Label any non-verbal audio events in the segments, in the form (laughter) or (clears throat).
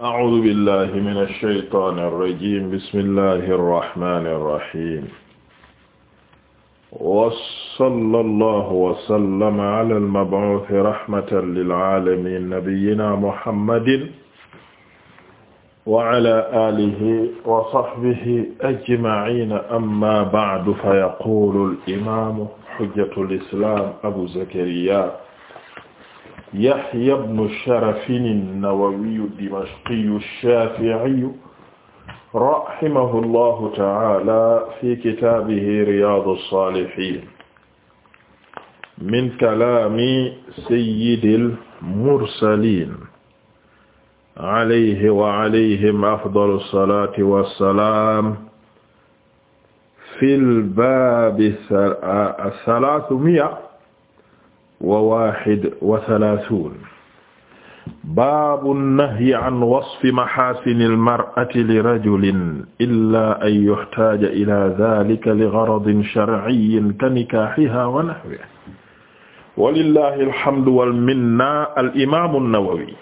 أعوذ بالله من الشيطان الرجيم بسم الله الرحمن الرحيم وصلى الله وسلم على المبعوث رحمة للعالمين نبينا محمد وعلى آله وصحبه أجمعين أما بعد فيقول الإمام حجة الإسلام أبو زكريا يحيى بن شرف النووي الدمشقي الشافعي رحمه الله تعالى في كتابه رياض الصالحين من كلام سيد المرسلين عليه وعليهم أفضل الصلاة والسلام في الباب الثلاثمائة wa waaxid wa salaasuun baabu nahyi an wasfi maxaasini almar'ati lirajulin illaa an yuxtaaja ilaa daalika ligaradin sharciyyin kanikaaxihaa wa naxwihi walillaahi alhamdu wal minna al'imaamu nawawi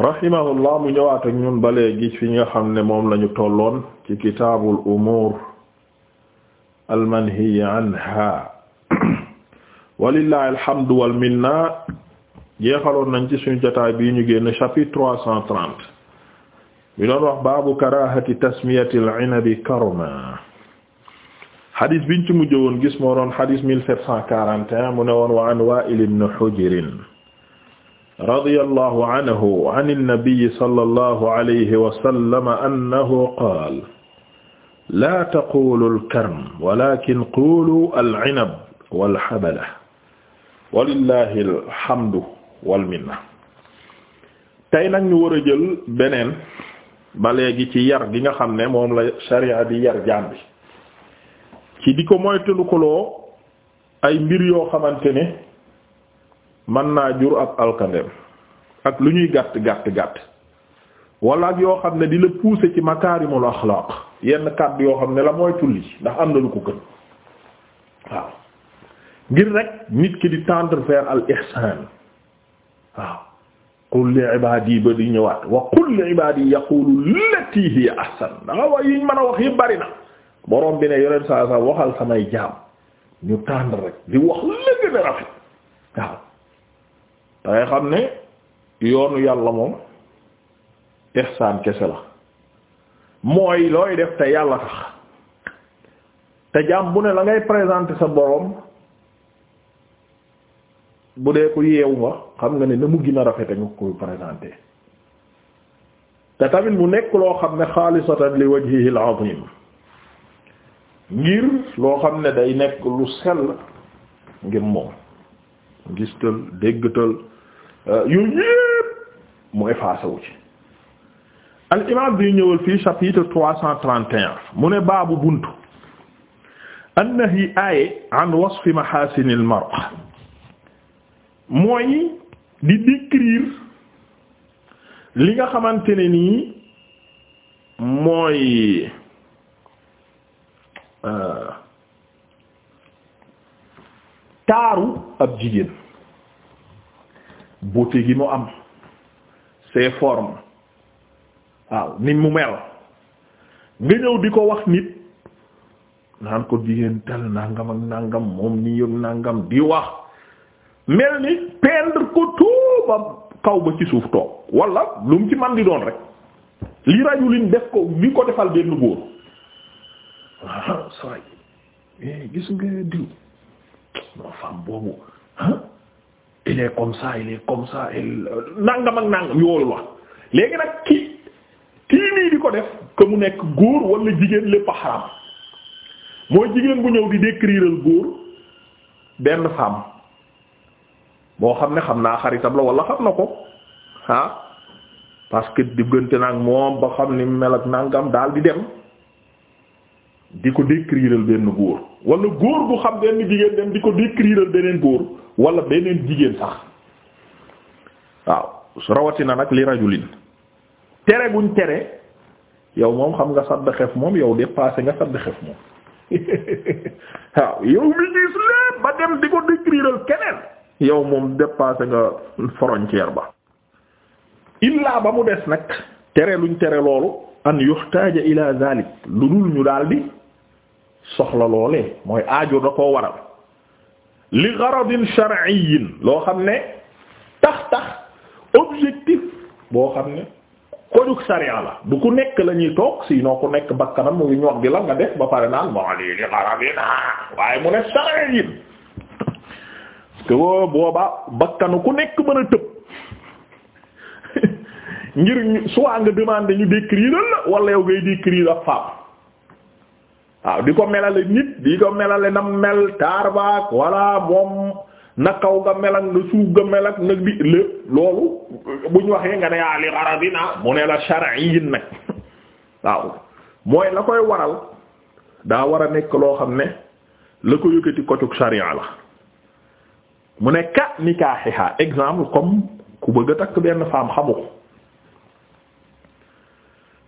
rahimahullah mu ñëwaat ak ñun ba léegi fi nga xam ne moom lañu tolloon ci kitaabul umuur almanhiyi anhaa walillahi alhamdu wal minna jeexaloon nañ ci suñu jotaay bii ñu génn chapitre trois cent trente bi doon wax baabu karahati tasmiyati al-inabi karma xadis biñ ci mujj woon gis moo doon xadis mille sept cent quarante et un mu ne woon wa an Wa'il ibn Hujr radiyallahu anhu an an-nabi sallallahu alayhi wa sallam annahu qaala laa taqulu al-karm walakin qulu al-inab wal-habala walillahi alhamdu wal minna tey nag ñu war a jël beneen ba léegi ci yar gi nga xam ne moom la sharia di yar jaam bi ci di ko moytandikuloo ay mbir yoo xamante ne mën naa jur ab alkandem ak lu ñuy gàtt gàtt gàtt wala yoo xam ne di la pousser ci makaarimul axlaaq yenn kàddu yoo xam ne la mooy tulli ndax am na lu ko gën waaw ngir rek nit ki di tendre vers al ihsan waaw qul li ibadi ba di ñëwaat wa qul li ibadi yaqulu lati ahsan danga wax yiñ mën a wax yi bari na borom bi ne yoneen saa sa waxal samay jaam ñu tendre rek di wax la gën rafet waaw da xam ne yoonu yàlla moom ihsan kese la mooy looy def te yàlla tax te jaam bu ne la ngay présenter sa boroom bu dee ko yeewu ma xam nga ne na mu gën a rafet nga koy présenté te tamit mu nekk loo xam ne xaalisatan li wajhihi al-azim ngir loo xam ne day nekk lu sell ngir moom ngistal déggtal euh, yu yépp mu effacé ci al imam bi ñëwal fii chapitre trois cent trente et mu ne baabu buntu annahi aaye an wasfi mahasinil mar'a mooy di décrire li nga xamante ne nii mooy euh, taaru ab jigéen beauté gi mu am ses form waaw ni mu mel nga ñëw di ko wax nit naan ko jigéen tel nangam ak nangam moom ni yoon nangam di wax mel ni peindre ko tout kaw ba ci suuf toog wala lu mu ci man di doon rek li rajulin def ko li ko defal benn góor waaw ah saay eh gis nga diw non femme boobu ah il est comme ça léegi nag ki kii nii di ko def que mu nekk góor walla jigéen lépp a xaram mooy jigéen bu ñëw di décrire góor benn femme boo xam ne xam naa xaritam la wala xam na ko ah parce que diggante nag moom ba xam ni mel ak nangam daal di dem di ko décrire benn góor walla góor bu xam benn jigéen dem di ko décrire beneen góor wala beneen jigéen sax waaw rawatina nag li rajulin tere buñ tere yow moom xam nga sadd xef moom yow dépassé nga sadd xef moom (laughs) waaw yow mi gis lépp ba dem di ko décrire keneen. yow moom dépassé nga frontière ba illaa ba mu des nag tere luñ tere loolu an yuxtaaja ila zalik lu dul ñu daldi soxla loolee mooy aajo da koo waral li garadin shar'iyyin loo xam ne tax tax objectif boo xam ne kojug sariya la du ku nekk la ñuy toog sinon ku nekk bakkanam mu ngi ñor di la nga def ba pare naan moo waaye mu ne shar'iyyin que booba bakkanu ku nekk mën a tëb (laughs) ngir soit nga demander ñu décrire la wala yow ngay décrire ak faam waaw di ko melale nit di ko melale nam mel taar baak walla moom na kaw nga mel na suuf nga mel ak nag di lépp loolu buñ waxee nga ne yaa ah, li xarabina mu ne la shar'iyyin nag (laughs) waaw mooy la koy waral daa war a nekk loo xam ne la ko yëkkati kocuk sharia la mu ne ka nikaaxiha exemple comme ku bëgg a takk benn femme xamu ko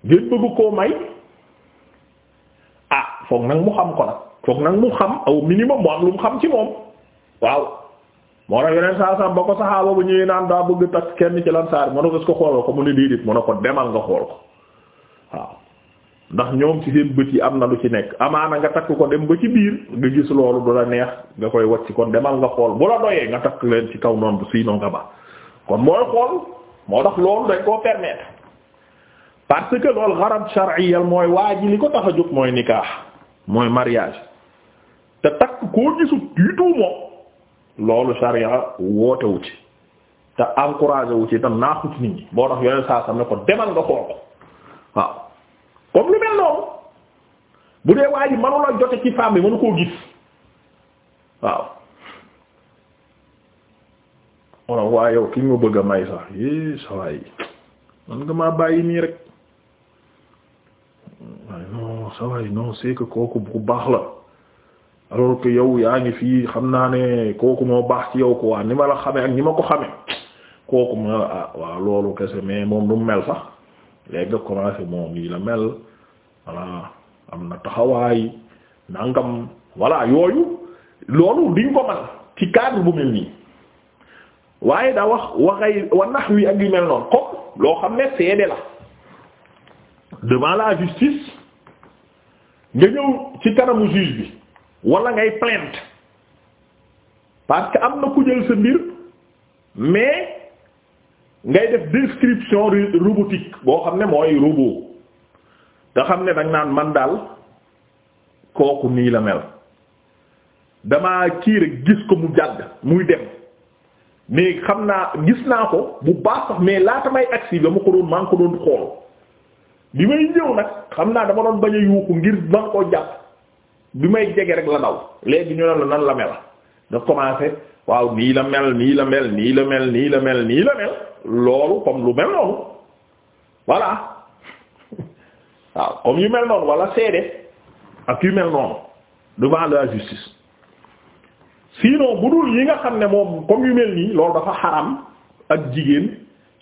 ngeen bëgg koo may ah foog nag mu xam ko nag foog nag mu xam aw minimum moo am lu mu xam ci moom waaw moo tax yeneen saa saa ba ko saxaaba bu ñëwee daa bëgg takk kenn ci lan moo mën na ko ko ko mu ne déedéet mën na ko demal nga xool ko waaw ndax ñoom ci seen bët yi am na lu ci nekk amaana nga takk ko dem ba ci biir nga gis loolu du la neex nga koy wacc kon demal nga xool bu la doyee nga takk leen ci kaw noonu siinoo nga ba kon mooy xool moo tax loolu dañ koo permettre parce que loolu xarab shar'iyal mooy waa ji li ko tax a jóg mooy nikaax mooy mariage te takk koo gisut du loolu sharia wootewu ci te encouragé wu ci te naaxut nit ñi boo tax yooyu saa sam ko demal nga xool comme lu mel noonu bu dee waa ji manula jote ci femme bi mënu koo gis waaw waaw waa yow ki nga bëgg a may sax yi sawaay man nga maa bàyyi nii rek waaye non sawaay non c'est que kooku bu baax la alors que yow yaa ngi fii xam naa ne kooku moo baax ci yow ko waa ni ma la xamee ak ni ma ko xamee kooku ma ah waaw loolu kese mais moom du mel sax léegi nga commencé moom nii la mel voilà am na taxawaay nangam voilà yooyu loolu diñ ko mën ci cadre bu mel nii waaye daa wax waxay wa nax ak yu mel noonu comme loo xam ne seede la devant la justice nga ñëw ci kanamu juge bi wala ngay plainte parce que am na ku jël sa mbir mais ngay def description robotique boo xam ne mooy robot te xam ne danga naan man daal kooku nii la mel damaa kii rek gis ko mu jàgg muy dem mais xam naa gis naa ko bu baax sax mais laata may agsi ba ma ko doon maa ngi ko doon xool bi may ñëw nag xam naa dama doon bañ yuuxu ngir man koo jàpp bi may jege rek la daw léegi ñu ne la nan la mel nga commencé waaw nii la mel nii la mel nii la mel nii la mel nii la mel loolu comme lu mel noonu voilà (laughs) waaw comme yu mel noonu wala seede ak yu mel noonu devant la justice sinon bu dul yi nga xam ne moom comme yu mel nii loolu dafa xaram ak jigéen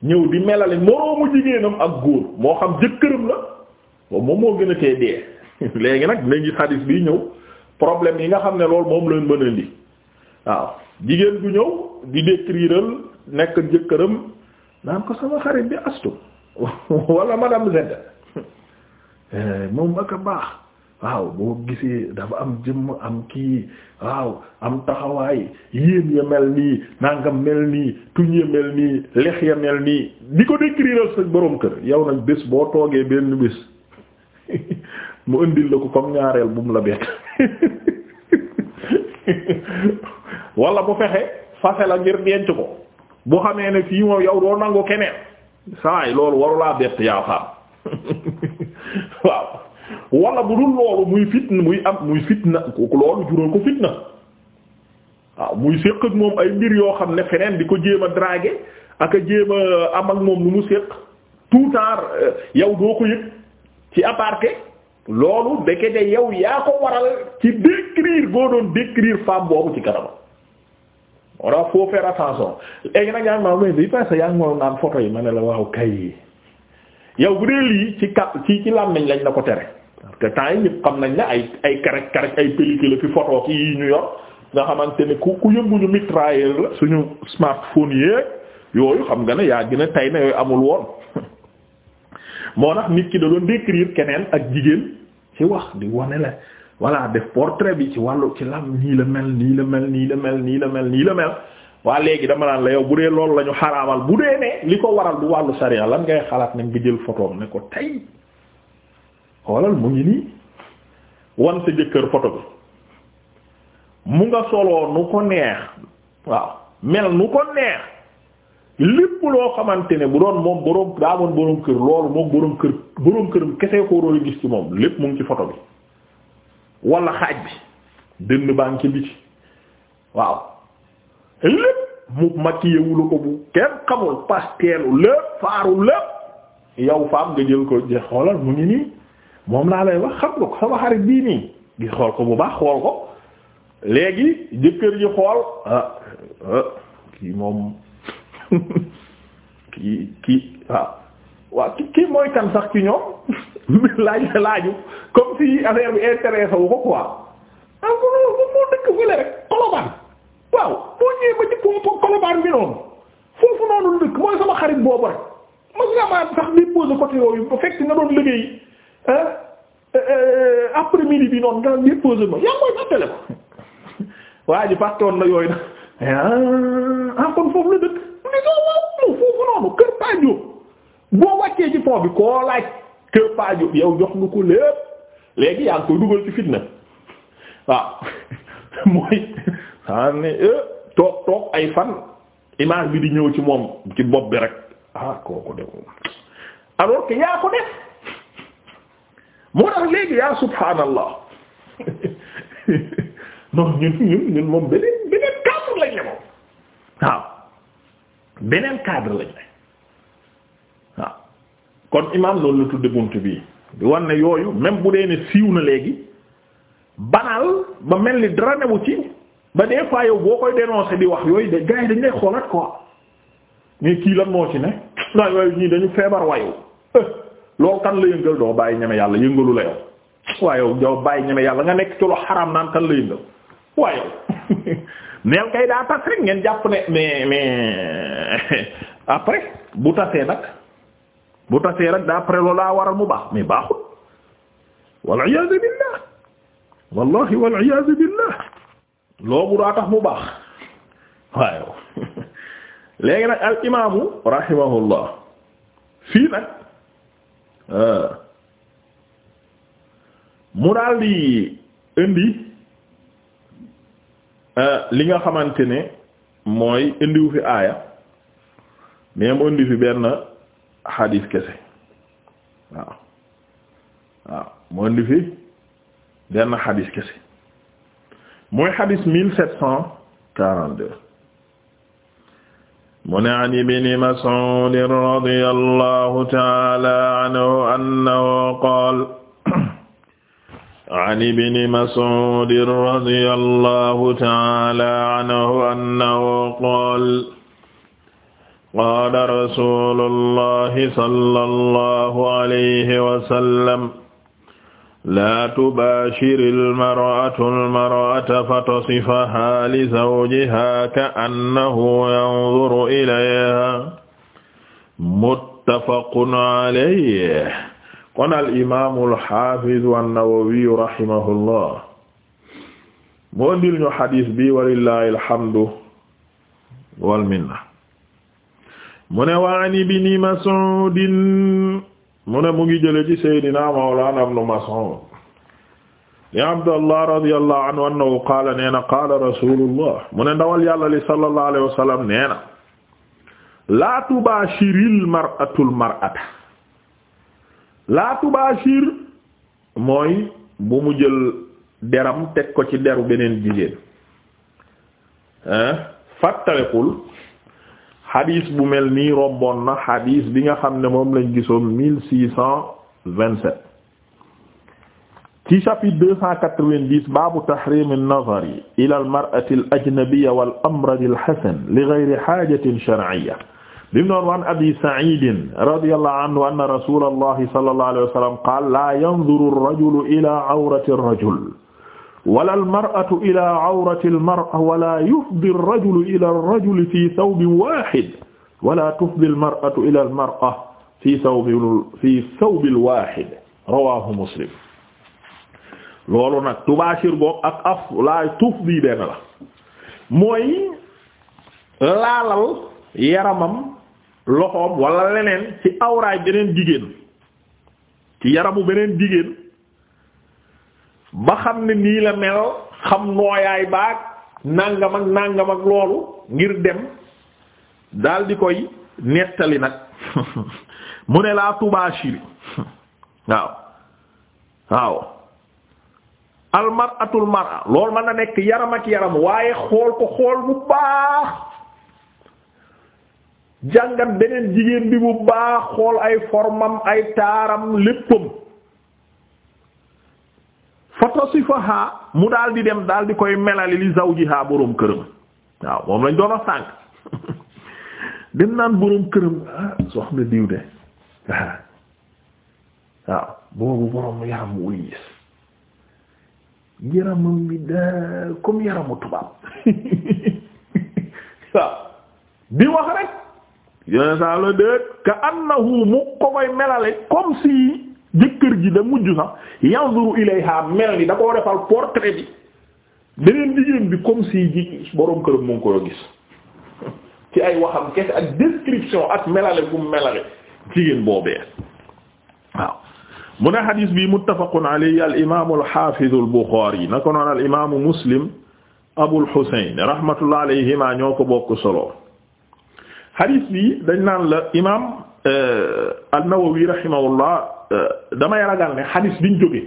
ñëw di melale moroomu jigéenam ak góor moo xam jëkkëram la boobu moom moo gën a tee dee (laughs) léegi nag dinañ gis ñëw problème yi nga xam ne loolu moom leen mën a indi waaw jigéen gu ñëw di décriral nekk jëkkëram naan ko sama xarit bi astu (laughs) wala madame Z (laughs) eh, moom ak a baax waaw boo gisee dafa am jëmm am kii waaw am taxawaay yéen ya mel nii nangam mel nii tuñ ya mel nii lex ya mel nii di ko décriral sa borom kër yow nag bés boo toogee benn bés (laughs) mu indil la ko comme ñaareel bu la bett wala bu fexe fase la ngir denc ko bu xamee ne fii moom yow doo nangu keneen saay loolu warulaa bett yaa faam (laughs) waaw wala bu dul loolu muy fitna muy am muy fitna loolu jural ko fitna waaw muy séq ak moom ay mbir yoo xam ne feneen di ko jéem a draguer ak a jéem am ak moom lu mu séq tout temps euh, yow doo ko yëg ci aparté loolu deke de yow yaa ko waral ci décrire boo doon décrire femme boobu ci kanama wala faut faire attention léegi nag yaa parce que yaa ngi ma naan photo yi ma ne la waaw kay yow bu dee ci kap ci ci làmmiñ lañ la ko tere parce que temps nañ ne ay ay ay pellicule fi ñu yor nga xamante ne ku ku yënguñu mitrailleur la suñu smartphone yeeg yooyu xam nga ne yaa gën a na amul woon (laughs) moo tax nit ki da doon keneen ak jigéen ci wax di wane la voilà def portrait bi ci wàllu ci lam nii la mel nii la mel nii la mel nii la mel nii la mel waa léegi dama naan la yow bu dee loolu la ñu xaraamal bu dee ne li ko waral du wàllu sariya lan ngay xalaat nañ nga jël photo ne ko tey xoolal mu photo mu nga soloo nu ko neex waaw mel nu ko neex lépp loo xamante ne bu doon moom boroom daa amoon boroom kër loolu moom boroom kër boroom këram kese ko war gis ci moom lépp mu ngi ci photo bi wala xaaj bi dënn bi ci waaw lépp mu makkiyewulu ko bu kenn xamul pasteelu lépp faaru lépp yow faam nga jël ko je xoolal mu ngi nii moom laa lay wax xam nga ko sama xarit bii nii gis xool ko bu baax xool ko léegi jëkkër ji xool ah ah kii moom (laughs) kii kii waaw waaw ki mooy kan sax ci ñoom (laughs) laaj laaju comme si affaire bi intéressé wu ko quoi ah loolu moom moo dëkk fële rek Colobane waaw boo ñëwee ba ci pompe Colobane bi noonu foofu noonu dëkk mooy sama xarit boobu rek mos fekk nga doon liggéey euh, après midi bi noonu nga déposé ma yaa mooy fàttale ma (laughs) waa ji fàttewoon na yooyu nag (laughs) ah, ah foofu noonu kër Padio. boo wàccee ci pont bi koo laaj kër yow jox nga ko lépp léegi yaa ngi dugal ci fitna waaw (laughs) mooy xam ne eh, toog toog ay fan image bi di ñëw ci moom ci bopp bi rek ah kooku def alors que yaa ko def moo tax léegi yaa subhaanallah (laughs) non ñun ñun ñun moom beneen beneen cadre lañ ne moom waaw beneen cadre lañ ne kon imaam loolu la tudde bunt bii di wan ne yooyu même bu dee ne siiw na léegi banaal ba mel ni dara newu ci ba des fois yow boo koy dénoncer di wax yooyu de gars dañ lay xoolaat quoi mais kii lan moo ci ne non yooyu ñii dañu feebar wayu eh, loolu kan la yëngal doo bàyyi ñeme yàlla yëngalu la yow waaye doo bàyyi ñeme yàlla nga nekk ci lu xaram naan kan la yëngal waaye (laughs) neel kay daa tas rek ngeen jàpp ne mais mais (laughs) après bu tasee nag. bu tasee rek daa après loolu daa waral mu baax mi baaxul wal iyaazu billah wallahi wal iyaazu billah loobu daa tax mu baax waaye (laughs) léegi nag al imaamu rahimahullah fii nag euh, mu daal di indi euh, li nga xamante ne mooy indiwu fi aaya mais mu indi fi benn xadiis kese waaw waaw mu indi fi benn xadiis kese mooy xadiis mille sept cent quarante-deux mu ne an ibni Mas'ud radiyallahu ta'ala anhu annahu qaala an ibni Mas'ud radiyallahu ta'ala anhu annahu qaala qaala rasulullahi sallallahu alayhi wasallam laa tubaashiri almar'atu almar'ata fatasifahaa lizawjihaa ka'annahu yanzuru ilayhaa muttafaqun alayhi kon al-imaamu al-haafizu an-nawawiyu rahimahullah mu indil ñu xadiis bi walillaahi alhamdu wal minna mu ne wa an ibni Mas'ud mu ne mu ngi jële ci Seydina Mawlana ibn Mas'ud ya Abdallah radiyallahu anhu annahu qaala nee rasulullah mu ne ndawal yàlla li sallallahu alayhi wa sallam nee na laa tubaashir mooy bu mu jël deram teg ko ci deru beneen jigéen fattalekul xadis bu mel nii romboon na xadis bi nga xam ne moom lañ gisoon mille six cent vingt-sept ci chapitre deux cent quatre-vingt-dix baabu tahrim an-nazari ila al-mar'ati al-ajnabiyya wal-amrad al-hasan li ghayri haajatin shar'iyya bim noon waan abi sa'id radiyallahu anhu anna rasulallahi sallallahu alayhi wa sallam qaala la yanzuru ar-rajulu ila awrati ar-rajul wala almaratu ila awrati almara wala yufdi alrajulu ila alrajuli fi thawbin wahid wala tufdi almaratu ila almara fi thawbin fi thawbin wahid rawahu muslim loolu nag tubashir boobu ak af la tufdi benn la mooy laalal yaramam loxoom wala leneen ci awraay beneen jigéen ci yaramu beneen jigéen ba xam ne nii la mel xam nooyaay baag nàngam ak nàngam ak loolu ngir dem daal di koy nettali nag (laughs) mu ne laa tubaashiri (laughs) waaw waaw almaratul mara loolu mën nekk yaram ak yaram waaye xool ko xool bu baax jàngat beneen jigéen bi bu baax xool ay formam ay taaram léppam fatasifaha mu daal di dem daal di koy melali li zawjiha boroom këram waaw moom lañ doon a sànk (laughs) dem naan boroom këram ah, soxna diw de (laughs) waaw boobu boroom yaram wuy gis yaramam bi daal comme yaramu tubaab (laughs) waaw di wax rek yone saa la déet ka annahu mu ko koy melale comme si jëkkër ji da mujj sax yanzuru ilayha mel ni da portrait bi beneen jigéen bi comme ji borom këram mu ngi koy gis ci ay waxam kese ak description ak melale bu melale jigéen boobee waaw mu ne xadiis bi muttafaqun alayhi al imaamu al xaafizu al buxaari na ko noon al imaamu muslim abul xuseyn Euh, dama ragal ne xadis biñ jóge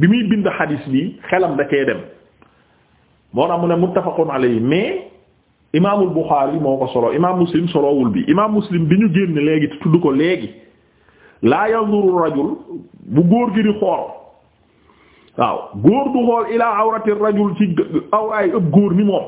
bi muy bind xadis bi xelam da koy dem moo tax mu ne muttafaqun alayhi mais imaamul Buxaari moo ko solo imaam Muslim solowul bi imaam Muslim bi ñu génn léegi te tudd ko léegi laa rajul bu góor gi di xool waaw góor du xool ilaa awrati rajul ci awraay ëpp góor ni moom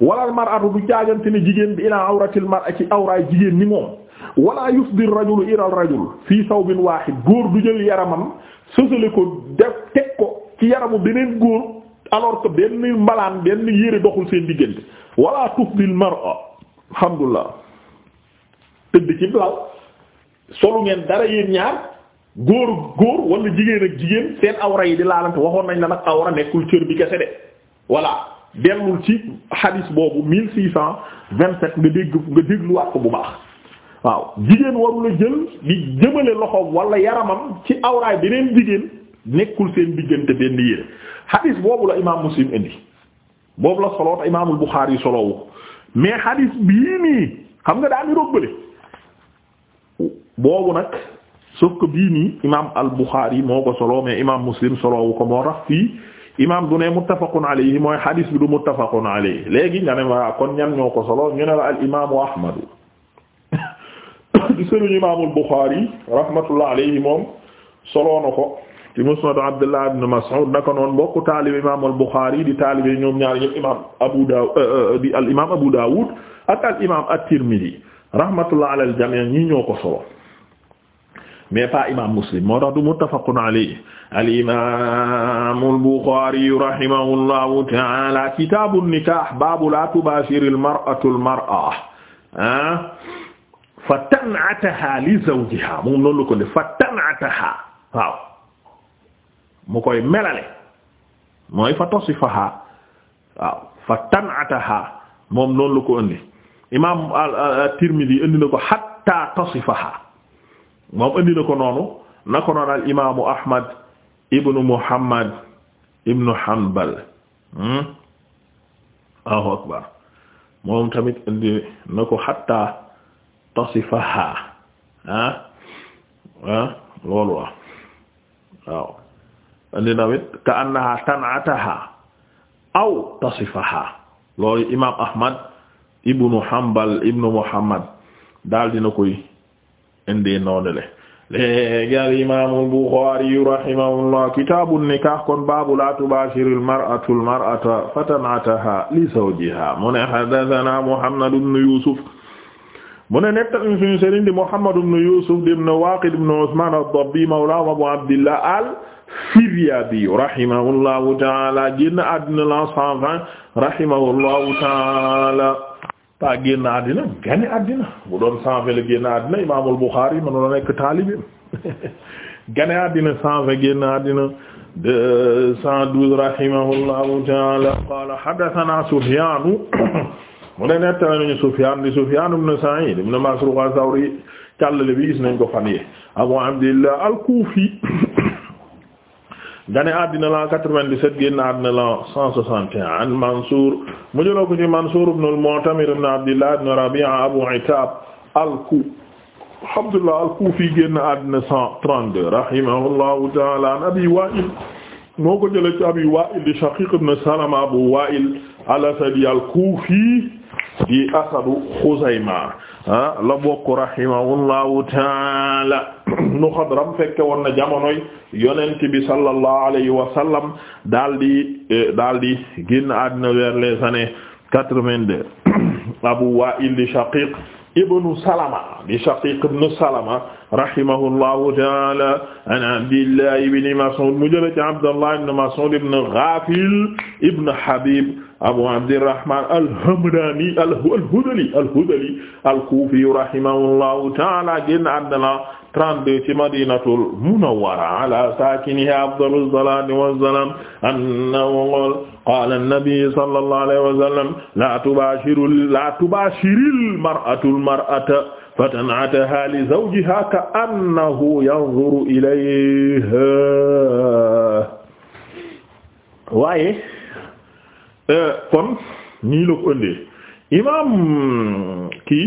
wala al mar'atu du jaagante ne jigéen bi ilaa awratil mar'a ci awraay jigéen ni moom wala yufdi rajulu ila rajul fii sawbin wahid góor du jël yaramam sësale ko def teg ko ci yaramu beneen góor alors que benn mbalaan benn yére doxul seen diggante wala tufdil mar'a alhamdulillah tëdd ci blal solu ngeen dara yéen ñaar góor góor wala jigéen ak jigéen seen awra yi di laalante waxoon nañ la nag awra nekkul cër bi kese de voilà dellul ci hadis boobu 1627 nga dégg nga dégluwaat ko bu baax waaw jigéen warula jël di jëmale loxoom wala yaramam ci awraay beneen jigéen nekkul seen diggante benn yére xadis boobu la imaam muslim indi boobu la soloot imaamul buxaari solowu mais xadis bii nii xam nga daal di robbale boobu nag sauf que bii nii imaam al buxaari moo ko solo mais imaam muslim solowu ko moo tax fii imaam du ne muttafaqun alayhi mooy xadis bi du muttafaqun alayhi léegi nga ne ma kon ñan ñoo ko solo ñu ne la al imaamu ahmadu di sëriñ imaamul Buxaari rahmatullah alayhi moom soloo na ko ci musnad Abdullah ibn Mas'ud naka noonu mbokku taalibe imaamul Buxaari di taalibe ñoom ñaar ñëpp imaam Abu Daawud euh, euh, di al imaam Abu Daawud ak al imaam at-Tirmidhi rahmatullah ala al jami' ñii ñoo ko solo mais pas imaam Muslim moo tax du muttafaqun alayhi al imaam al Buxaari rahimahullahu ta'ala kitaabu nikaah baabu laa tubaashiril mar'atu al mar'ah fa tan'ataha li zawjiha moom noonu la ko def fa tan'ataha waaw mu koy melale mooy fa tasifaha waaw fa tan'ataha moom noonu la ko indi imaam at-Tirmidhi indi na ko hatta tasifaha moom indi na ko noonu na ko noonu al imaamu Ahmad ibnu Muhammad ibnu Hanbal hmm? Allahu akbar moom tamit indi na ko hatta tasifaha ah ah aw tasifaha loolu imam ahmad ibnu hanbal ibnu muhammad daal dina koy indi noonu le léegi al imaamu Buxaari rahimahullah kitaabu nikaah kon baabu laa tubaashirul mar'atu al mar'ata fatan'ataha li zawjiha mu ne haddasanaa Muhammad ibn Yuusuf mu ne nekk nañu suñu sëriñ di Muhammad ibn Yusuf ibn Waqid ibn Usman ad-Dabbi mawla Abu Abdillah al-Firyabi rahimahullahu ta'ala génn àddina la cent vingt rahimahullahu ta'ala ta génn àddina génn àddina bu doon cent vingt la génn àddina Imaamul Bukhari man la nekk taalibeem génn (laughs) àddina cent vingt génn àddina deux cent douze rahimahullahu ta'ala qala haddathana Sufyan (coughs) mu ne netta nañu Sufyaan di Sufyaan ibn Sa'iid ibn Masruuq as-Sawri càllale bi gis nañ ko fan al (coughs) la 97 génn an Mansuur mu jëloo ko ci Mansuur al-Mu'tamir ibn Abdillah ibn Rabi'a Abu Itaab al-Kuufi Abdullah al-Kuufi génn àddina 132 rahimahullahu ta'ala an Abi Waa'il moo ko jëlee Abu Waa'il al-Asadi al di asadu xuzayma ah, la bokk rahimahullahu taala (clears throat) nu xadram fekke woon na jamonoy bi sallallahu alayhi wa sallam daal di eh, daal (clears throat) abu wa'il di shaqiq ibnu salama di shaqiq ibnu salama rahimahullahu taala an abdillah ibni mas'ud mu jële ci abdallah ibn mas'ud ibn ghafil habib abu abdirrahman alhamdani alhudali alhudali alkufi rahimahullahu taala génn àddina 32 ci madinatul munawwara ala sakiniha afdalu salati wassalam annahu qala an-nabi sallallahu alayhi wa sallam la tubashiru la tubashiril mar'atul mar'ata fatan'ataha li zawjiha ka'annahu yanzuru ilayha waaye Euh, kon nii la ko ëndee imaam kii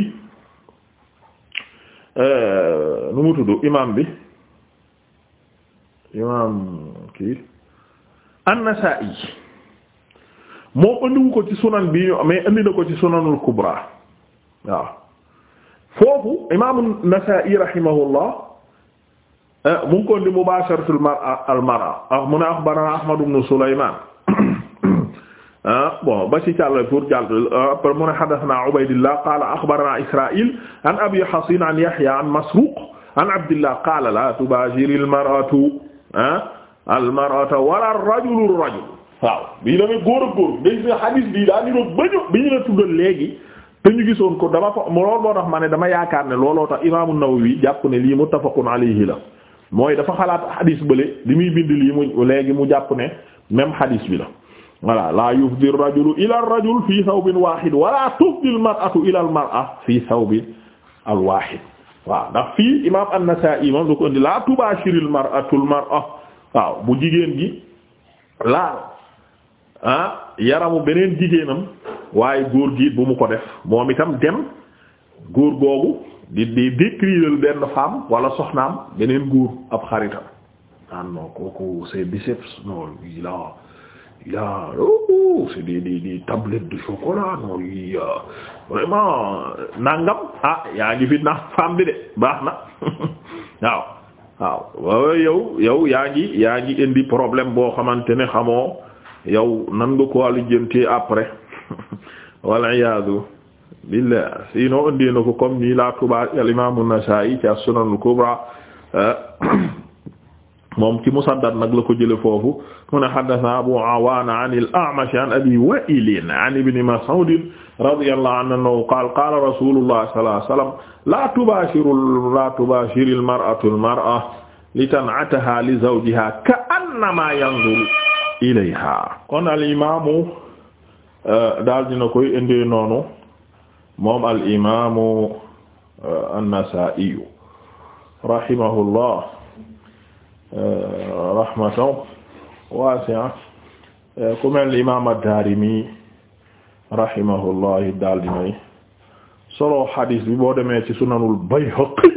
euh, nu mu tudd imaam bi imaam kii an-Nasa'i moo ëndiwu ko ci sunan bi mais indi na ko ci sunanul kubra foofu imaamu Nasa'i rahimahullah euh, mu ko indi mubaasharatul mar'a al mar'a ah, ne akhbarana Ahmad ibn Sulaymaan Ah, bon ba ci càll pour jàll après ah, mu ne hadathana Ubaydillah qala akhbarana an Abi Hasin an Yahya an Masruq an Abdillah qala la tubashir al-mar'atu ah, al-mar'ata wala ar-rajulu ar-rajul waaw bii damay góor ak góor nga gis hadis bii daa ni doon bañu bi ñu la tuddal léegi te ñu gisoon ko dama fa loolu moo tax ma ne dama yaakaar ne looloo tax Imaamu Nawawi jàpp ne lii mooy dafa xalaat hadis bële bind lii mu léegi mu jàpp ne même hadis bi voilà la yufdi rajulu ila rajul fi thawbin wahid wala tufdi al-mar'atu ila al-mar'a fi thawbin al waaw ndax fii imam an-Nasa'i moom du ko indi la tubashiru al-mar'atu al waaw bu jigéen gi laal ah, yaramu beneen jigéenam waaye góor gi bu mu ko def moom itam dem góor googu di di décrire benn femme wala soxnaam beneen góor ab xaritam naan non kooku ses biceps non il a il y a oh c'est des des des de chocolat non il y a nangam ah yaa ngi fi na femme de baax na (laughs) waaw. waaw waaw yow yow yaa ngi yaa ngi indi problème boo xamante ne xamoo yow nan nga ko wàllu jëntee après (laughs) wal iyaadu billah sinon indi na ko comme nii la tubaab al imam an-Nasa'i ci as-Sunan euh, (coughs) moom ci Musaddad nag la ko jële foofu. mu ne haddathanaa Abuu Awaana an al-A'mash an Abii Waa'il an Ibni Mas'uud radiyallaahu anhu qaala qaala rasuulullaahi sallallaahu alayhi wa sallam laa tubaashiru laa tubaashiru al-mar'atu al-mar'ata litan'atahaa li zawjihaa ka'annamaa yanzuru ilayhaa. kon al-imaamu uh, daal dina koy indi noonu moom al-imaamu uh, an-Nasaa'i rahimahullaah uh, rahmatan waasi'a euh, ku mel imaam ad-Daarimi rahimahullah daal di may solo xadis bi boo demee ci sunanul Bayhaqi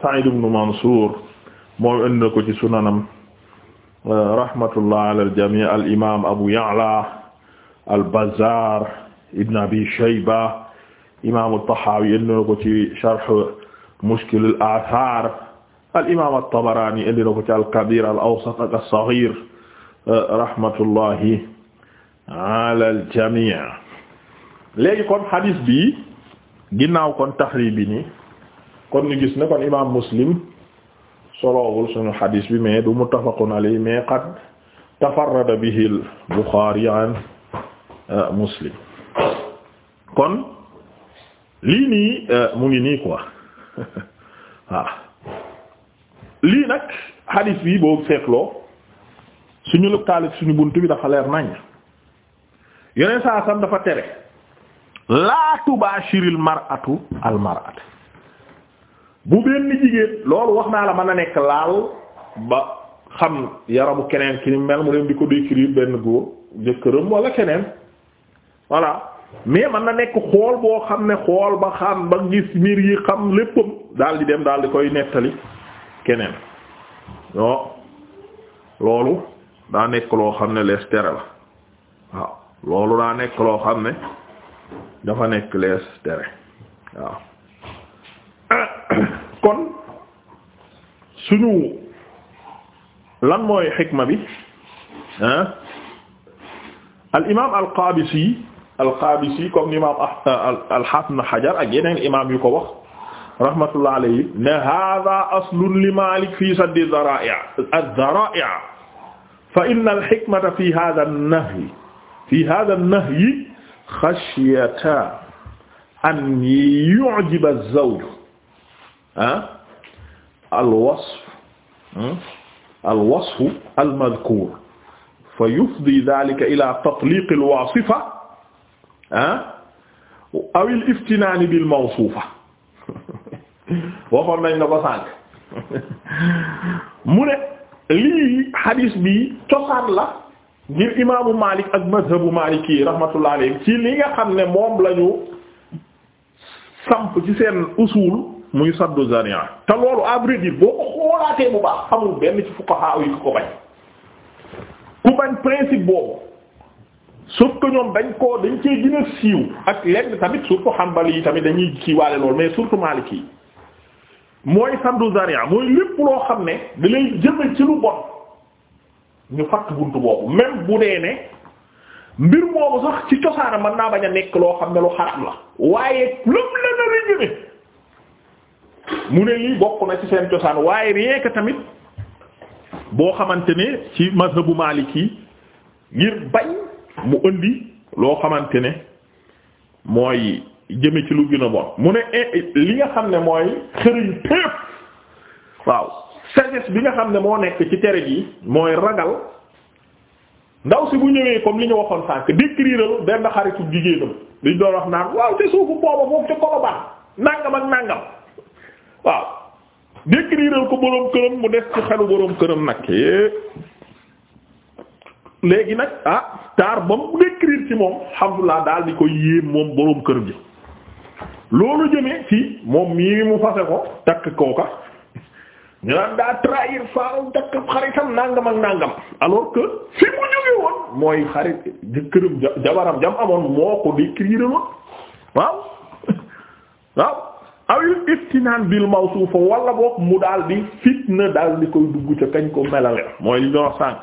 Sa'id ibn Mansuur moom indi na ko ci sunanam rahmatullah ala al-jamii' al-imaam Abu Ya'la al-Bazzaar ibn Abi Shayba imaam at-Tahaawi indi na ko ci Sharh Mushkil al-Aasaar al-imaam at-Tabaraani indi na ko ci al-Kabiir al-Awsat ak as-Saghiir rahmatullahi ala al-jamii kon hadis bi ginnaaw kon taxrib bi nii kon ñu gis ne kon imaam muslim solowul sunu hadis bi mais du muttafaqun alayhi mais qad tafarrada bihi buxaari an euh, muslim kon lii nii euh, mu ngi nii quoi waaw (laughs) lii nag hadis bi boo seetloo. suñu lëkkaaleeg suñu bunt bi dafa leer nañ yeneen saa sam dafa tere laa tubaashiril mar'atu al mar'at bu benn jigéen loolu wax naa la mën na nekk laal ba xam yaramu keneen ki ni mel mu dem di ko décrire benn góor jëkkëram walla keneen voilà mais man na nekk xool boo xam ne xool ba xam ba gis mbir yi xam léppam daal di dem daal di koy nettali keneen non loolu daa nekk loo xam ne lees tere la waaw loolu daa nekk loo xam ne dafa nekk lees tere waaw (coughs) kon suñu lan mooy xikma bi ah al imaam al qaabisi al qaabisi comme imaam ah, al xaafid na xajar ak yeneen imaam yu ko wax rahmatullah alayhi ne haaza aslun li Maalik fi sadd ad-daraa'i ad-daraa'i fa inna al-hikmata fi hadha an-nahyi fi hadha an-nahyi khashyata an yu'jiba az-zawj ah? al-wasf hmm? al-wasf al-madhkur fa yufdi dhalika ila tatliq al-wasifa ah? aw al-iftinaan bil-mawsuufa (laughs) waxoon nañ la ko sànq (laughs) mu ne lii hadis bi cosaan la ngir imaamu Malik ak mazhabu Maliki yi rahmatullah alayhi ci li nga xam ne moom lañu ñu samp ci seen usul muy saddu zari'a te loolu à vrai boo ko xoolaatee bu baax amul benn ci fuqaha yi ko bañ ku bañ principe boobu sauf que ñoom dañ koo dañ cee gën a siiw ak lenn tamit surtout Hanbali yi tamit dañuy kiiwaale loolu mais surtout malik yi mooy sandu zaria mooy lépp loo xam ne da lay jëme ci lu bon ñu fatt buntu boobu même bu dee ne mbir moomu sax ci cosaana mën naa bañ a nekk loo xam ne lu xaraam la waaye lëpp la na la jëme mu ne lii bokk na ci seen cosaan waaye reeka tamit boo xamante ne ci mazhabu maliki ngir bañ mu indi loo xamante ne mooy jëme ci lu gën a bon mu ne eh, eh, li nga xam ne mooy xëriñ tépp waaw sagesse bi nga xam ne moo nekk ci tere gi mooy ragal ndaw si bu ñëwee comme li ñu waxoon sànk décriral benn xaritu jigéenam liñ doon wax naan waaw te suufu booba moom ca koloban nàngam ak nàngam waaw décriral ko boroom këram mu des ci xelu boroom këram nag eh. léegi nag ah taar ba mu décrire ci moom alhamdulilah daal di ko yéem moom boroom kër gi loolu jëmee ci moom mii mu fase ko takk kooka ñu naan daa trahir faaw takk xaritam nangam ak nangam alors que fi mu jóge woon mooy xarit jëkkëram jabaram jam amoon moo ko décrire woon waaw (laughs) waaw awil istinaan bil mawsuufa wala boog mu daal di fitna daal di koy dugg ca kañ ko melale mooy li ñoo sànk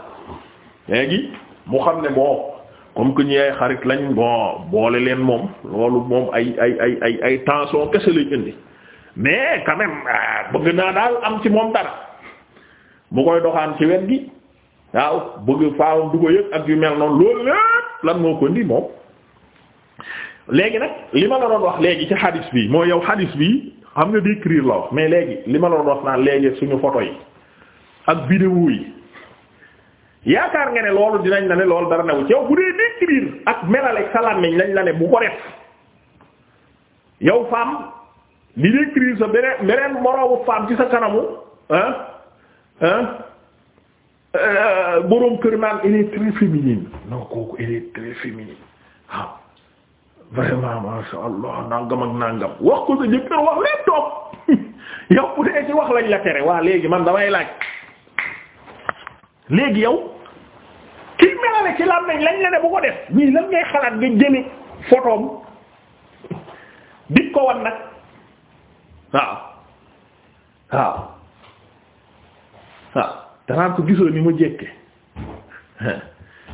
léegi mu xam ne moo comme que ñi ay xarit lañu bon boole leen moom loolu moom ay ay ay ay ay tension kese lañ indi mais quand euh, bëgg naa daal am ci moom dara mu koy doxaan ci wet gi waaw bëgg faawam du ko ak yu mel noonu loolu lépp lan moo ko indi moom léegi nag li ma la doon wax léegi ci hadis bi moo yow hadis bi xam nga décrire la wax mais léegi li ma la doon wax naan léegi suñu photo yi ak vidéo yi yaakaar nga ne loolu dinañ la ne loolu dara newu ci yow bu dee décrire ak melale sa làmmiñ lañ la ne bu ko def yow femme di décrire sa beneen beneen moroomu femme ci sa kanamu ah ah boroom kër naan elle est très féminine kooku elle est très féminine waaw ah, vraiment masha Allah nangam ak nangam wax ko sa jëkkër wax leen toog (laughs) yow bu dee ci wax lañ la tere waa léegi man damay laaj léegi yow. boole ci làmmiñ lañ la ne bu ko def mii lan ngay xalaat nga jëli photom di ko wan nag waaw waaw waaw danaan ko gisoo ni ma jekke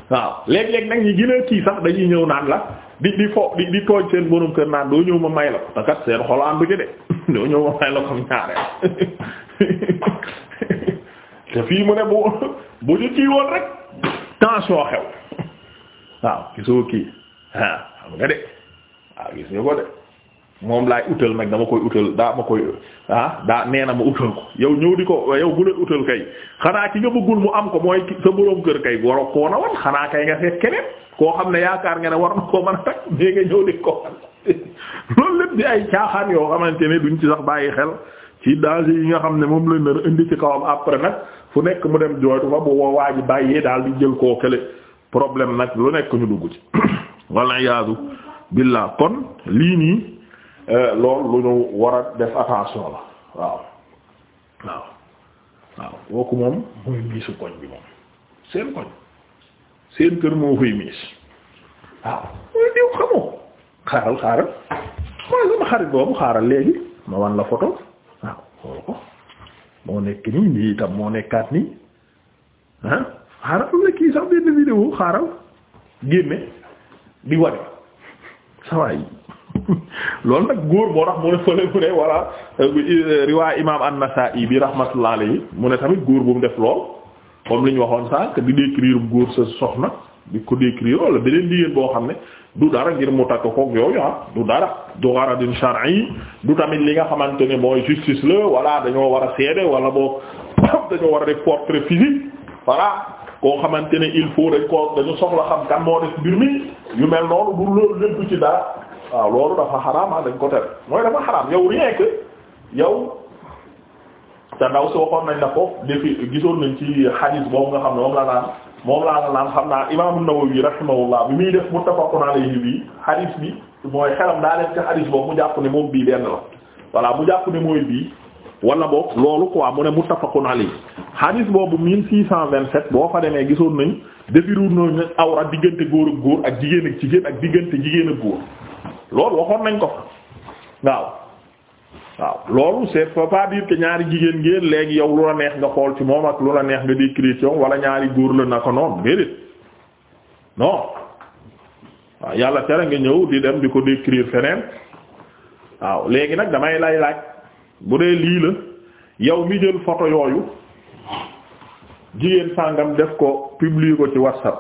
waaw léeg-léeg nag ñi gën a kii sax dañuy ñëw naan la di di fo di di tooj seen borom kër naan doo ñëw ma may la ko takat seen xol àndu ci de (laughs) doo ñëw ma may la (laughs) mu ne bu (laughs) bu ñu kii woon rek tension xew waaw gisoo kii ah xam nga de waaw gis ko de moom laay utal nag dama koy utal daa ma koy ah daa nee na ma utal ko yow ñëw di ko yow bu la utal kay xanaa ki mu am ko mooy sa boroom kay na wan nga seet keneen koo xam ne yaakaar nga ne war na koo mën a takk nee nga ñëw di ko (laughs) loolu lépp di ay caaxaan yoo xamante ne duñ ci sax bàyyi xel ci danger yi nga xam ne moom la nar indi ci kawam après nag fu nekk mu dem jooytu fa bu waa ji bàyyee daal di jël koo kële problème nag lu nekk ñu dugg ci (coughs) walla iyaadu billaah kon lii nii euh, lool lu ñu war a def attention la waaw waaw waaw kooku moom mooy miisu koñ bi moom seen koñ seen kër moo fay miis waaw mooy diw xamoo xaaral xaaral mooy sama xarit boobu xaaral léegi ma wan la photo waaw xool ko moo nekk nii lii itam moo nekkaat nii ah xaaral la kii sax benn vidéo xaaral génne di wane sawaay (laughs) loolu nag góor moo tax mu ne fële mu ne walla euh, riwaay imaam an-Nasaa'i bi rahmatullahi alayhi mu ne tamit góor bu mu def lool comme li ñu waxoon sànq di décrire góor sa soxna di ko décrire wala beneen jigéen boo xam ne du dara ngir mu takk koog yooyu ah du dara du gharadin shar'i du tamit li nga xamante ne mooy justice la wala dañoo war a seede wala boo (coughs) dañoo war a def portrait physique voilà koo xamante ne il faut dañ ko dañu soxla xam kan moo def mbir mi yu mel noonu bu loolu lépp ci dara waaw loolu dafa xaraam ah dañ ko tere mooy dafa xaraam yow rien que yow te ndaw si waxoon nañ la ko defi gisoon nañ ci hadith xam ne moom laa naan xam naa imaam an-Nawawi rahimahullah bi muy def muttafaqun alayhi bi hadith bi mooy xelam daa def ci hadith boobu mu jàpp ne moom bii benn la voilà mu jàpp ne mooy bii wala boog loolu quoi mu ne muttafaqun alayhi hadith boobu 1627 boo fa demee gisoon nañ defiru nañ awra diggante góor ak góor ak jigéen ak jigéen ak diggante jigéen ak góor loolu waxoon nañ ko fa waaw. waaw loolu c'est pas dire que ñaari jigéen ngeen léegi yow lu la neex nga xool ci moom ak lu la neex nga décrire ci moom ñaari góor la naka noonu déedéet non waaw yàlla tere nga ñëw di dem di ko décrire feneen waaw léegi nag damay lay laaj bu dee lii la yow mi jël photo yooyu jigéen sàngam def ko publier ko ci WhatsApp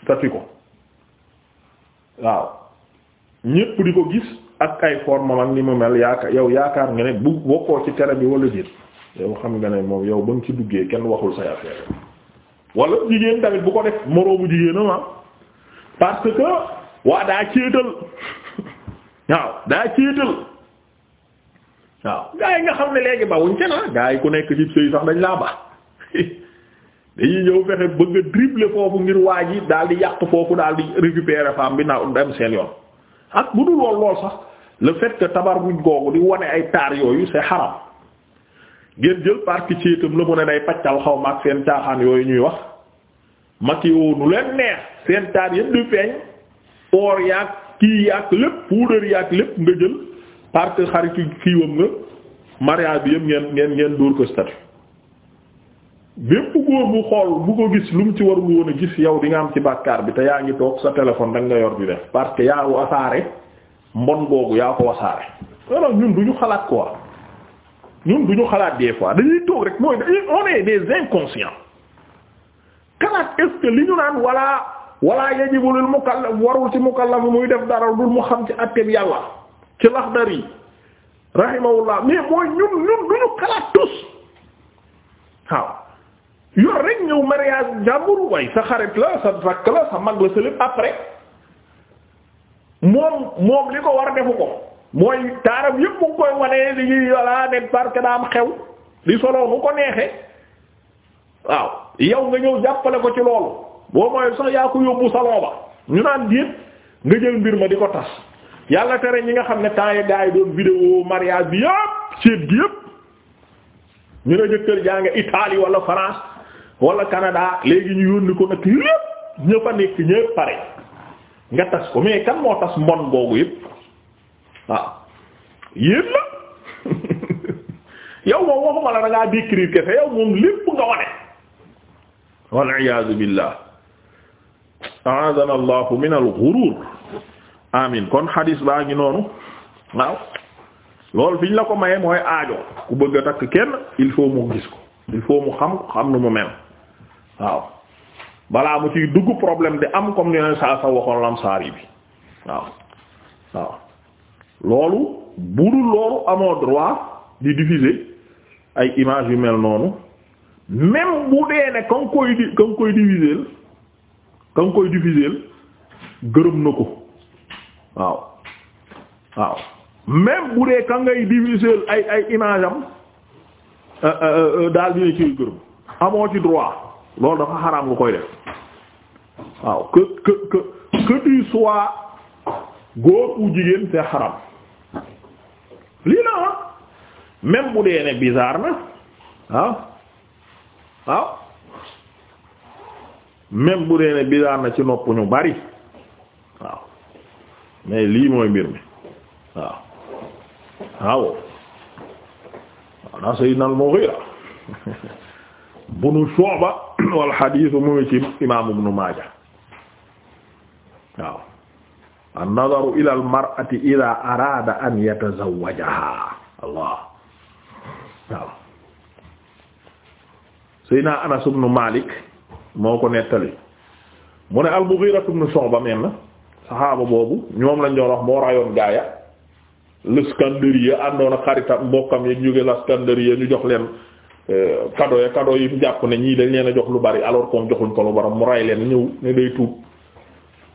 statut ko waaw ñépp di ko gis. ak ay formes ak ni mu mel yaaka yow yaakaar nga ne bu bokkoo ci tere bi wala jiit yow xam nga ne moom yow ba nga ci duggee kenn waxul say affaire wala jigéen tamit bu ko def moroomu jigéenam ah parce que waa daa céetal (laughs) waaw daa céetal waaw gaa yi nga xam ne léegi bawuñ ca ah. na gaa ku nekk ci sëy sax dañ laa baax (laughs) dañuy ñëw fexe bëgg a foofu ngir waa ji daal di yàq foofu daal di récupérer femme bi naa dem seen yoon ak bu dul lool lool sax le fait que tabarruj googu di wane ay taar yooyu c'est haram ngeen jël parti ci la mu ne day paccal xaw ma ak seen caaxaan yooyu ñuy wax maki woo nu leen neex seen taar yëpp du feeñ oor yaag kii yaag lépp puudar yaag lépp nga jël parce que xaritu kiiwam nga mariage bi yëpp ngeen ngeen ngeen dóor ko statut bépp góor bu xool bu ko gis lu mu ci warul woon a gis yow di nga am ci bàkkaar bi te yaa ngi toog sa téléphone danga nga yor bi def parce que yaa wu asaare mbon googu yaa ko wasaare alors ñun du ñu xalaat quoi ñun du ñu xalaat des fois dañuy toog rek mooy on est des inconscients xalaat est li ñu naan wala wala yajibu lil mukallaf warul ci mukallaf muy def dara dul mu xam ci àtteb yàlla ci yi rahimahullah mais mooy ñun ñun du ñu xalaat tous waaw yor rek ñëw mariage jàmbur way sa xarit la sa rakk la sa mag la sa lépp après. moom moom li ko war defu ko mooy taaram yëpp mu koy wane li walla ne parce daa am xew li solo mu ko neexe waaw yow nga ñëw jàppale ko ci loolu boo mooy sax yaa ko yóbbu saloo ba ñu naan diit nga jël mbir ma di ko tas yàlla tere ñi nga xam ne temps yi gars yi doon vidéo mariage bi yëpp seet gi yëpp ñu ne jëkkër jaa Italie wala France wala Canada léegi ñu yónni ko nag lépp ñëpp a nekk ñëpp pare nga tas ko mais kan moo tas mbon googu yëpp waaw ah. yéen la (laughs) moom waxuma la da ngaa décrire kefe yow moom lépp nga wane wal iyaadu billah a'aadana allahu min al ghurur amin kon xadis baa ngi noonu waaw loolu fi ñu la ko maye mooy aajo ku bëgg a takk kenn il faut mu gis ko il faut mu xam xam nu mu mel waaw balaa mu ci dugg problème di am comme ni leen saa sa waxoon lamsaar yi bi waaw waaw loolu bu dul loolu amoo droit di diffuser ay image yu mel noonu même mu dee ne ka nga koy di ka nga koy diffuser ka nga koy diffuser gërëm na ko waaw waaw même bu dee ka ngay diffuser ay ay image am euh, euh, euh, daal dina ciy gërëm amoo ci droit loolu dafa xaraam nga koy def waaw que que que que tu sois góor ou jigéen c'est xaram lii la ah. même bu dee ne bizarre na ah. waaw waaw bu dee ne bizarre na ci nopp ñu bari waaw mais lii mooy mbir mi waaw waaw waaw na Sayyidna al-Mughira (laughs) bunu Shu'ba (clears throat) wal xadiis mu ngi ci imaamu Ibnu Maaja waaw an-nazaru ila al-mar'ati idha arada an yatazawwajaha Allah waaw Seydina Anas ibnu Malik moo ko nettali mu ne al-Mughira ibnu Shu'ba men saxaaba boobu ñoom lañ doon wax moo rayoon gaaya l'Iskandariya àndoon ak xaritam mbokkam yi ñu jox leen kado euh, ya kado yi mu jàpp ne ñii dañ leen a jox lu bari alors qu'on joxuñ ko lu baram mu ray leen ñëw ne day tuub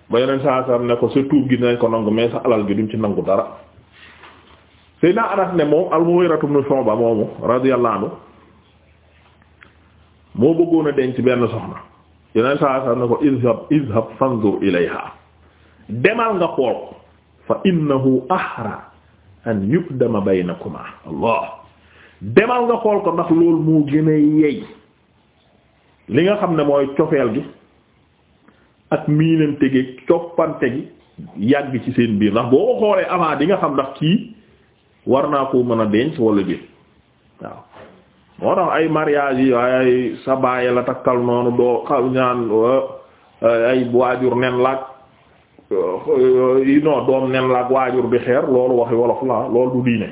ba yeneen saa ne ko sa tuub gi dinañ ko nangu mais sa alal gi duñ ci nangu dara Seydina Anas ne moom al-Mughiratu ibn Shu'ba moomu radiyallahu anhu moo bëggoon a denc benn soxna yeneen saa saa ne ko izhab izhab fanzur ilayha demal nga xool fa innahu ahra an yuqdama baynakuma Allah demal nga xool ko ndax loolu moo gën a yey li nga xam ne mooy cofeel gi ak miinante gi coppante gi yàgg ci seen biir ndax boo ko xoolee avant di nga xam ndax kii war naa ko mën a denc wala déet waaw mariage yi waaye la takkal noonu doo ay waajur nen laag non doom nen laag waajur bi xeer loolu waxi wolof la loolu du diine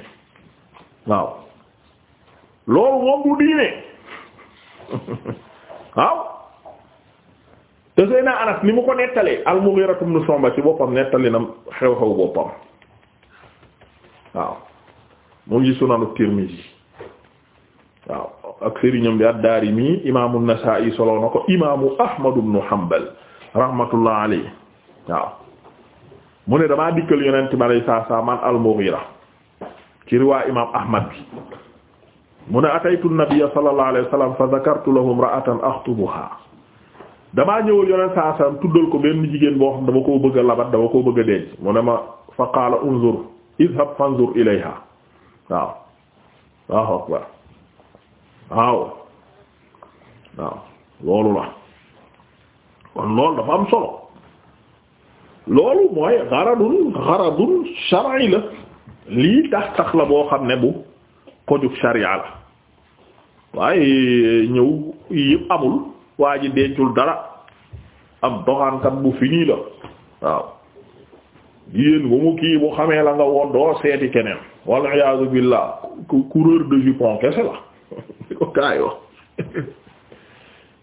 waaw loolu moom du diine waaw te Seydina Anas ni mu ko nettalee al-Mughira ibn Shu'ba ci boppam nettali na xew-xew boppam waaw mu ngi Sunan Tirmidhi waaw ak sëriñam bi ad-Daarimi imaamu Nasaa'i solo na ko imaamu Ahmad ibn Hanbal rahmatullah alayhi waaw mu ne damaa dikkal yonent bi alayhi salaam man al-Mughira ci riwaa imaam Ahmad bi mu ne ataytu nabiyya sallallahu alayhi wa sallam fa dhakartu lahu imra'atan akhtubuha damaa ñëwal yoneen saa sallam tuddal ko benn jigéen boo xam dama koo bëgg labat dama koo bëgg a denc mu ne ma fa qaala unzur idhab fanzur ilayha waaw waaw akbar waaw waaw loolu la kon loolu dafa am solo loolu mooy garadun garadun shar'i la lii tax tax la boo xam ne bu kojug sharia la waaye ñëw yëpp amul waa ji dencul dara am doxaankat bu fini la waaw yéen bu mu kii bu xamee la nga woon seeti keneen walla iyaazu billaah coureur de jupon kese la di ko kaay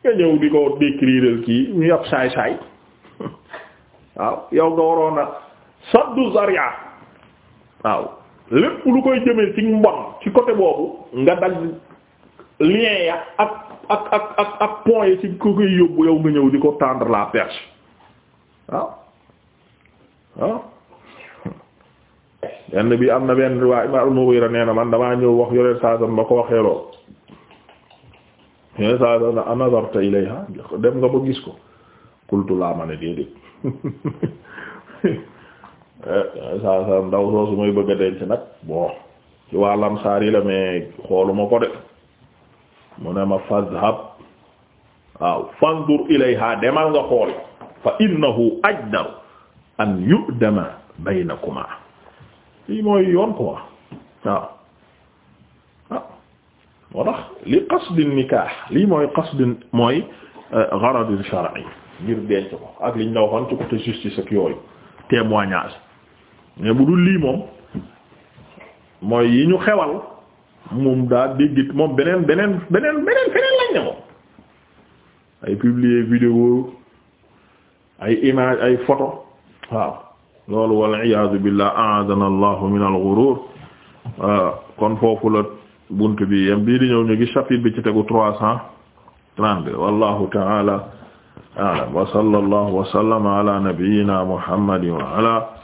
nga ñëw di ko décrire kii ñu yàpp saay saay (laughs) waaw yow nga waroon a saddu zaria waaw lépp lu koy jëmee ci mbon ci côté boobu nga dagg lien ya ak ak ak ak point yi ci ko koy yóbbu yow nga ñëw di ko tendre la perce waaw ah. ah. waaw (laughs) yenn bi am na benn riwaay Imaam al-Mughira nee na man damaa ñëw wax yore saa san ba ko waxee lool yore saa san anazarta ilayha dem nga ba gis ko qultu laa ma ne déedéet (laughs) Eh, saa saa ndaw soo su may bëgg denc nag bon ci waa lamsaar yi la mais xooluma ko de mu ne ma fazhab waaw fanzur ilayha demal nga xool fa innahu ajdaru an yu'dama baynakuma lii mooy yoon quoi waaw waaw ah. moo tax li qasdi nikah lii mooy qasdi mooy eh, gharad shar'i ngir denc ko ak liñ la waxoon ci côté justice ak yooyu témoignage mais bu dul lii moom mooy yi ñu xewal moom daa déggit moom beneen beneen beneen beneen lañ ne moom ay publier vidéo ay image ay photo waaw loolu wal iyaadu billah aadana allahu min al ghurur kon foofu la bunt bi yam bii di ñëw ñu gi chapitre bi ci tegu trois cent trente-deux wallahu ta'ala a'lam wa sallallahu wa sallama ala nabiyyina muhammadin ala